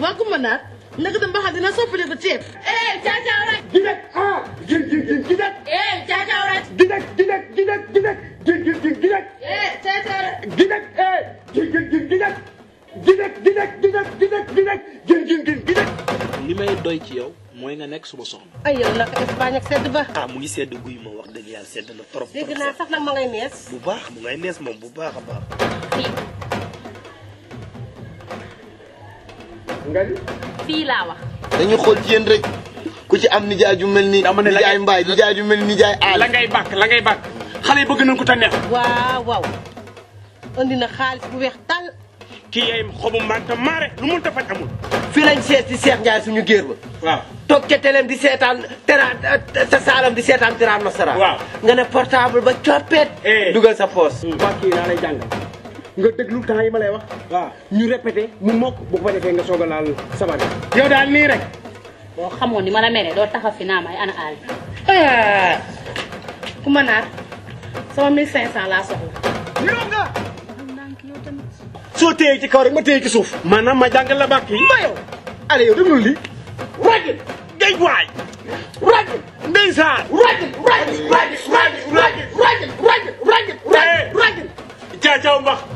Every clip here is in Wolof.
waa Kumba Naar naka dem ba xam dina soppali ko ceeb. eh Caca nekk ah nekk. eh nekk di nekk di nekk di nekk ji nekk. eh nekk eh nekk. di nekk di nekk di nekk di nekk di nekk ji may doy ci yow. mooy nga nekk suba soxna. ay yow naka Espagne ak sedd ba. ah mu ngi sedd guy ma wax dëgg yàlla sedd na trop. trop naa sax nag ma ngay nees. bu baax mu ngay nees moom bu baax a baax. nga ni fii laa wax. dañu xool ci yéen rek ku ci am nijaay ju mel ni. dama ne nijaay mbaay nijaay ju mel ni nijaay aal. la ngay bàkk la ngay bàkk xale yi bëgg nañ ko ta neex. waaw waaw andi na xaalis bu weex tal kii yaay xobu mbanta maare lu mun ta faj amul. fii lañ seet si Cheikh Ndiaye suñu géer ba. waaw toog ca teleem di seetaan teraan sa saalam di seetaan teraan masara. waaw nga ne portable ba coppeet. Eh. dugal sa poos. Hmm. waa kii lay jàngal. nga déglu temps yi ma lay wax. waaw ñu répété mu mokk bu ko defee nga soog a laal sabar yow daal nii rek. boo xamoon ni ma la mere doo taxaw fi naa may ana aal. Ah. ku ma naar sama 1500 laa soxla. yoroon nga. soo téye ci kaw rek ma téye ci suuf. maanaam ma jàngal la bàkk yi. ma yow allé yow lii. rajul géej waay. rajul ndeysaan. rajul rajul rajul rajul rajul rajul eh.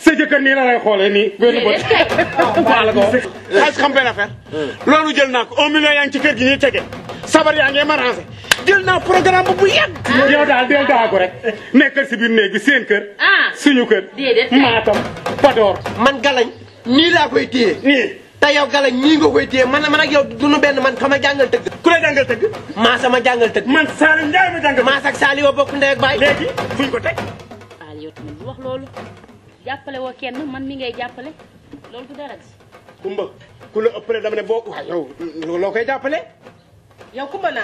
sa jëkkër nii la lay xoolee nii. benn bët waaw la xam benn affaire. loolu jël naa ko un million yaa ngi ci kër gi nii tege. sabar yaa ngi marangé jël naa programme bu yàgg. Ah. yow daal del daagu rek nekkal si biir néeg bi seen kër. Ah. suñu kër. maatam Padoor. man galañ nii laa koy téye. nii te yow galañ nii nga koy téye man man ak benn man xama jàngal tëgg. ku la sama jàngal tëgg. man Saliou Ndiaye ma jàngal. maa sax Saliou bokk ndey ak baay. léegi fuñ ko teg. jappalé wo kenn man mi ngay jappalé lolou du dara ci kumba ku la ëppalé dama né bo yow lo koy jappalé yow kumba na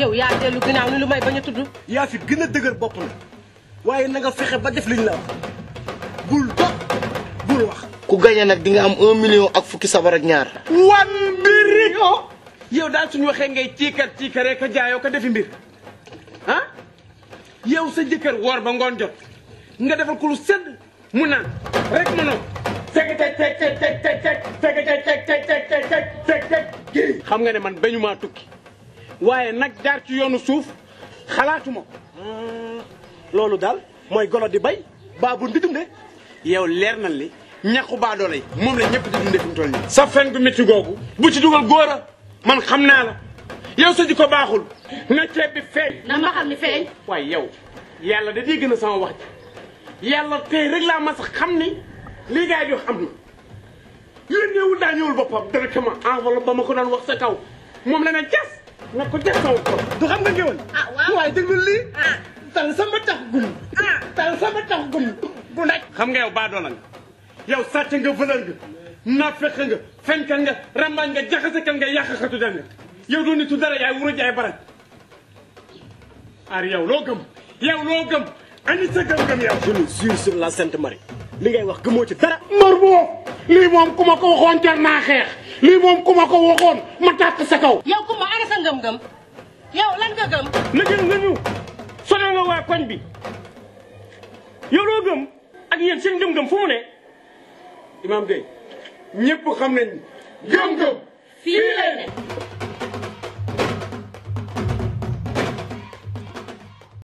yow yaa dellu ginaaw ni lu may baña tuddu ya fi gëna a bop bopp na waaye na nga fexé ba def liñ la bul dog bul wax ku gañe nak di nga am un million ak fukki sabar ak ñaar 1 million yow daal suñu waxé ngay tikkat tikkaré ka jaayo ka defi mbir ah yow sa jëkkër wor ba ngon jot nga defal ko lu sedd mu rek mu noonu tek tek tek tek tek tek que nga ne man bañuma tukki Waye nak jaar ci yoonu suuf xalaatuma dal moy golo di bay bu ndidum yow leer na li ñaxu ba dolay mom la ñepp di sa fen bi métti gogu bu ci dugal góor man xam na la yow sa baxul. na ceeb bi na ma xam ni yow da yàlla tey rek laa mas xam ni lii gars yi di wax am na yónneewul daa ñëwul boppam a enveloppe ba ma ko daan wax sa kaw moom la ne jas na ko jas kaw ko du xam nga ngéwal ah, waaye déglu lii ah. tal sama tax gum ah. tal sama tax gum bu naj xam nga yow baadoola nga yow sàcc nga vëlër nga naafeq nga fenkat nga rambaañ nga jaxasekat nga yàqxatu da nga yow doo nitu dara yaay wuro jaay baraj ar yow loo gëm yow loo ani sa gëm-gëm yow. je le sur la Sainte Marie. li ngay wax gëmoo ci dara. mor bu moom ku ma ko waxoon jar naa xeex lii moom ku ma ko waxoon ma tàkk sa kaw. yow ku ma ana sa ngëm-ngëm lan gëm. liggéey nga ñu sonal nga waa koñ bi yow loo gëm ak yéen seen ngëm-ngëm fu mu ne. Imaam Gueye ñëpp xam nañ gëm-gëm. fii lay ne.